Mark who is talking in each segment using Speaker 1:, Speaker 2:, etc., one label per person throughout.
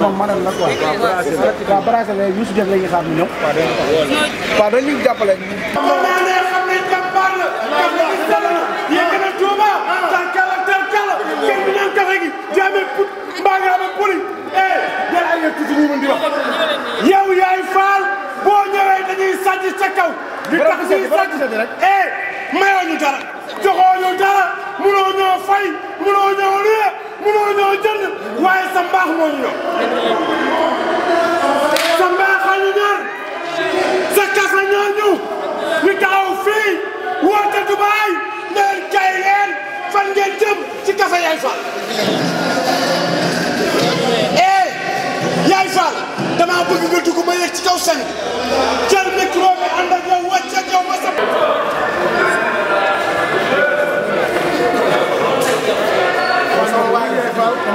Speaker 1: moom madame la quoi waaw brasé la Youssou Dieng la ñuy xaar mu ñëw waaw dañuy jàppale yow yaay faal boo ñëwee dañuy sàcc ca kaw. li tax ñuy sàcc eh mayoo ñu dara joxoo ñu ñoo fay mënoo ñoo luyee. ñoo jënd waaye sa mbaax moo ñu ñor sa mbaax a ñu ñor sa kasa ñoo ñu ñu taxaw fii woote Dubaay neen kay leen fan ngeen jëm ci kasa yaay Fall eh yaay Fall damaa bëgg nga dugg ba ci kaw seen jël micro bi ànd ak yow wàcc ak sa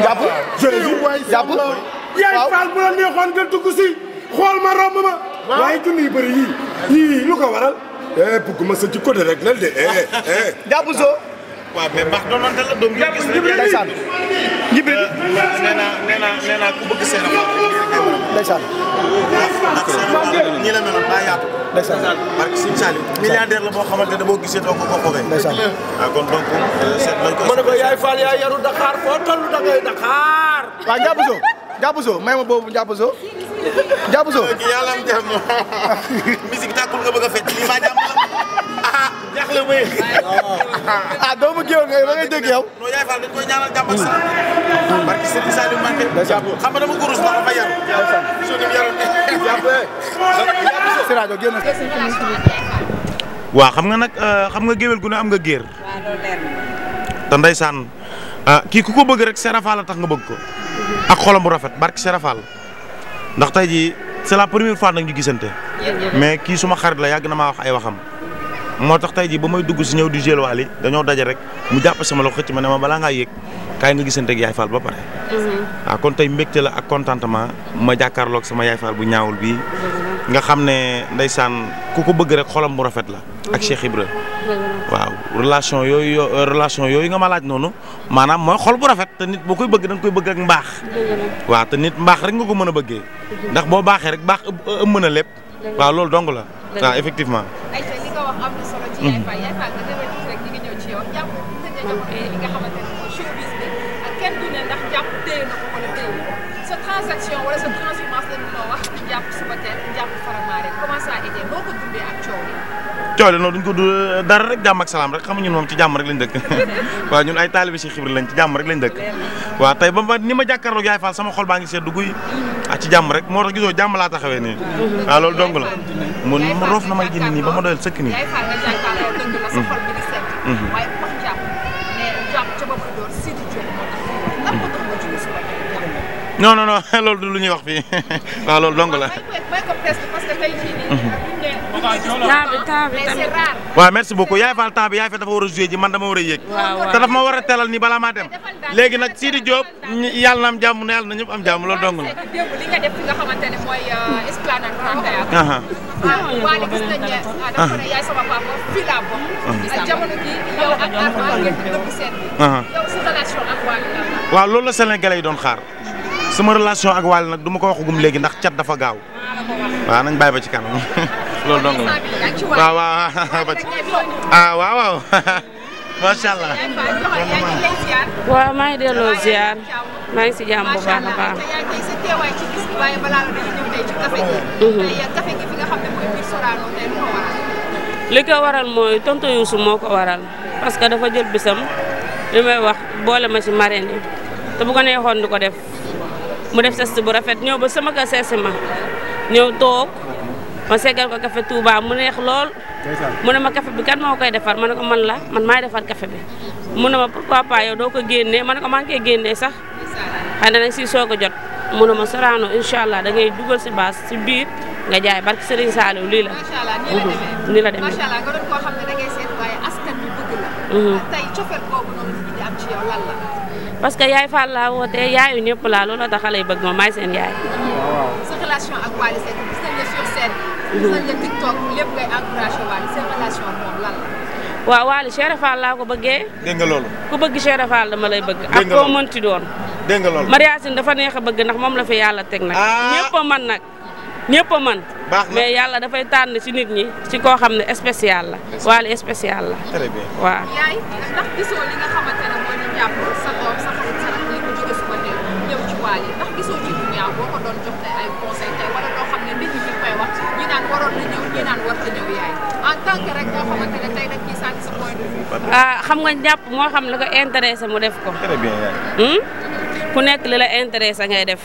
Speaker 1: jàpp jàpp yaay Fall bu la neexoon nga dugg si xool ma romb ma waaye junni yu bër yii yii lu ko waral eh bëgguma sa jikko de rek la de eh eh jàpp eh. waaw mais mbaax doonante la doom
Speaker 2: gis nañu ndeysaan Jibril euh, nee naa nee naa nee naa ku bëgg seen mbaax ndeysaan ndax seen ñi la mel daa yaatu ndeysaan barke Sëñ Saliou milliardaire la boo xamante ne boo gisee doo ko ko xobee ndeysaan waaw ah, kon donc euh, seet nañ ko ma ne ko yaay
Speaker 1: Fall yaay yaru Dakar foo toll da ngay Dakar waaw jàppso jàppso may ma boobu jàppso jàppso yàlla am jàmm musique tàkkul nga bëgg a fecc lii maa jàmm la ah jaaxle may Ah, ah doomu géwél ngay ba ngay dégg yow. non yaay dañ koy ñaanal jàmm ak salaam. barke Serigne Saliou Mbacké. xam nga dama gurus ndax dafa yaru. Eh.
Speaker 2: waaw xam nga euh, xam nga gu ne am nga géer. te ndeysaan ah, ku ko bëgg rek Serafal tax nga bëgg ko. ak xolam bu rafet Serafal ndax tey jii c'est la première fois nag ñu gisante. mais kii suma xarit la na wax ay waxam motax tay ji jii ba may dugg ci ñew du jël walé dañu dajé rek mu japp sama loxo ci ma ne ma balaa ngaa yëg kaay nga gisante ak yaay fall ba paré
Speaker 1: mm-hmm.
Speaker 2: ah kon tay mbékté la ak contentement ma jàkkaarloog sama yaay fall bu ñaawul bi mm-hmm. nga xamné ndaysan ndeysaan ku ko bëgg rek xolam bu rafet la. ak mm-hmm. Cheikh Ibra waaw relation yoy relation yoy nga ma laaj noonu maanaam mooy xol bu rafet te nit boo koy bëgg da koy bëgg ak mbax waaw te nit mbax rek nga ko mëna a ndax bo baxé rek bax ëmëna lépp. waaw lool dong la waaw effectivement.
Speaker 3: wax am na solo. ci Yaay Fall Yaay Fall nga demee tuuti rek ñu ngi ñëw ci yow jàpp tëj na jamono yi nga xamante ne mooy showbiz bi ak kenn du ne ndax jàpp téye na ko wala téye sa transaction wala sa transhumance la ñu ma wax jàpp suba teel jàpp faramaare comment ça a été boo ko dundee ak coow yi.
Speaker 2: coow la noonu duñ ko eh, dara rek jàmm ak salaam rek xamuñu moom ci jàmm rek lañ dëkk waaw ñun ay taalibe Cheikh Ibrahima lañ ci jàmm rek lañ dëkk waaw tey ba ma ni ma jàkkaarloog yaay Fall sama xol baa ngi seet dugg yi ci jàmm rek moo tax gisoo jàmm laa taxawee nii waaw loolu dong la mun roof na may jënd nii ba ma doyal sëkk nii non non loolu du lu ñuy wax fii waaw loolu dong la. waaw merci beaucoup yaay faal temps yaay fa dafa war a joué ji man dama war a yéeg. te daf ma war a teelal nii bala maa dem. léegi nag Sidi Diop yàlla na am jàmm ne yàlla na ñëpp am jàmm loolu dong la. li
Speaker 3: euh, ah,
Speaker 2: ah, loolu la Sénégalais yi doon xaar. suma relation ak Wally nag duma ma ko waxagum léegi ndax cat dafa gaaw waaw nañ bàyyi ba ci kanam
Speaker 3: loolu waaw waaw ah, waaw maa ngi delloo ziar maa ngi si jàmm bu baax a baax. Mhm. Uh,
Speaker 4: li ko waral mooy tonto Youssou moo ko waral parce dafa jël bisam li may wax boole ma si marraine yi te bu ko neexoon ko def. mu def test bu rafet ñëw ba sama ka seesi ya ma ñëw toog ma seggal ko café Touba mu neex lool mu ne ma café bi kan moo koy defar ma ne ko man la man maay defar café bi mu ne ma pourquoi pas yow doo ko génnee ma ne ko maa ngi koy génnee sax xëy na nag si soog a jot mu ne ma Sorano incha allah da ngay dugal si baas si biir nga jaay barke Serigne Saliou lii la. ni la demee macha
Speaker 3: allah nga doon koo xam ne da ngay seet waaye askan bi bëgg la. Mhm. tey cofeel boobu noonu di am ci yow lan la.
Speaker 4: parce que yaay Fall laa woote yaayu ñëpp laa looloo tax xale yi bëgg ma maay seen yaay. sa mm-hmm. waaw Wally Cheikh Fall laa ko bëggee. dégg ku bëgg Cheikh Fall dama lay bëgg. ak koo mënti doon. dégg dafa neex a bëgg ndax moom la fi yàlla teg nag. Ah. ñëpp a man nag ñëpp man. mais yàlla dafay tànn ci nit ñi ci koo xam ne spécial la. Wally spécial la.
Speaker 3: gisoo xam
Speaker 4: ah xam nga jàpp moo xam la ko intéressé mu def ko. très hmm? ku nekk li la intéressé ngay def.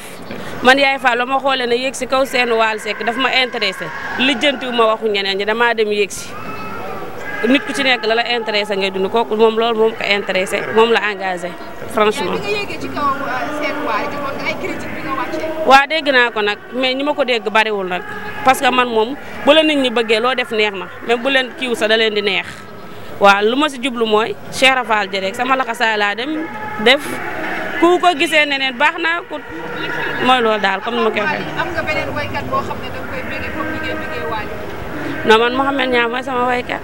Speaker 4: man yaay Fall la ma xoolee ne yéeg si kaw seen waal sekk dafa ma intéressé lijjantiwu ma waxu ñeneen ñi damaa dem yéeg si. nit ku ci nekk la la intéressé ngay dund kooku moom loolu moom ko intéressé moom la engagé franchement. Euh, waa dégg naa ko nag mais ñi ma ko dégg bariwul nag parce que man moom bu la nit ñi bëggee loo def neex na même bu leen kiiw sa da leen di neex waaw lu ma si jublu mooy Cheikh Rafal jërek sama laxasaay laa dem def ku ko gisee neneen baax naa ku mooy loolu daal comme nu ma koy waxee. non man Mouhamed Niang mooy sama waykat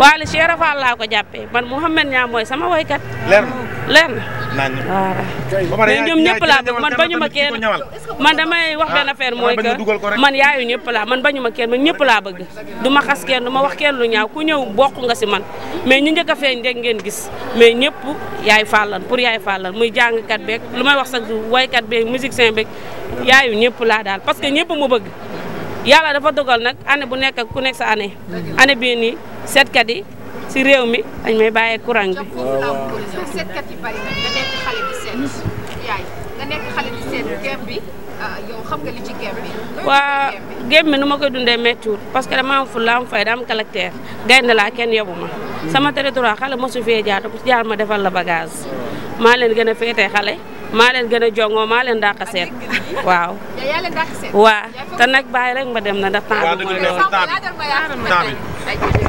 Speaker 4: waali Cheikh Rafal laa ko jàppee man Mouhamed Niang mooy sama waykat leer na leer na waaw mais ñoom ñëpp laa man bañu ma kenn man damay wax a affaire ah, mooy que man yaayu ñëpp laa man bañu ma kenn man ñëpp laa bëgg du ma xas kenn du ma wax kenn lu ñaaw ku ñëw bokk nga si man mais ñu njëkk a feeñ rek ngeen gis mais ñëpp yaay fàllan pour yaay fàllan muy jàngkat beeg lu may wax sax waykat beeg musicien beeg yaayu ñëpp laa daal parce que ñëpp mu bëgg yàlla dafa dogal nag année bu nekk ku nekk sa année. année bii nii seetkat yi si réew mi dañ may bàyyee courant bi. Ah,
Speaker 3: xam nga li ci gem
Speaker 4: waa gem nu ma ko dundee méttiwul parce que dama am fulla am fayda am caractère gaynde laa kenn yobu ma. sama territoire xale mosu fee jaar te jaar ma defal la bagage maa leen gën a féetee xale. maa leen gën a jongoo maa leen dàq seet waaw. waaw te nag bàyyi rek ma dem na ndax temps
Speaker 3: bi
Speaker 1: moo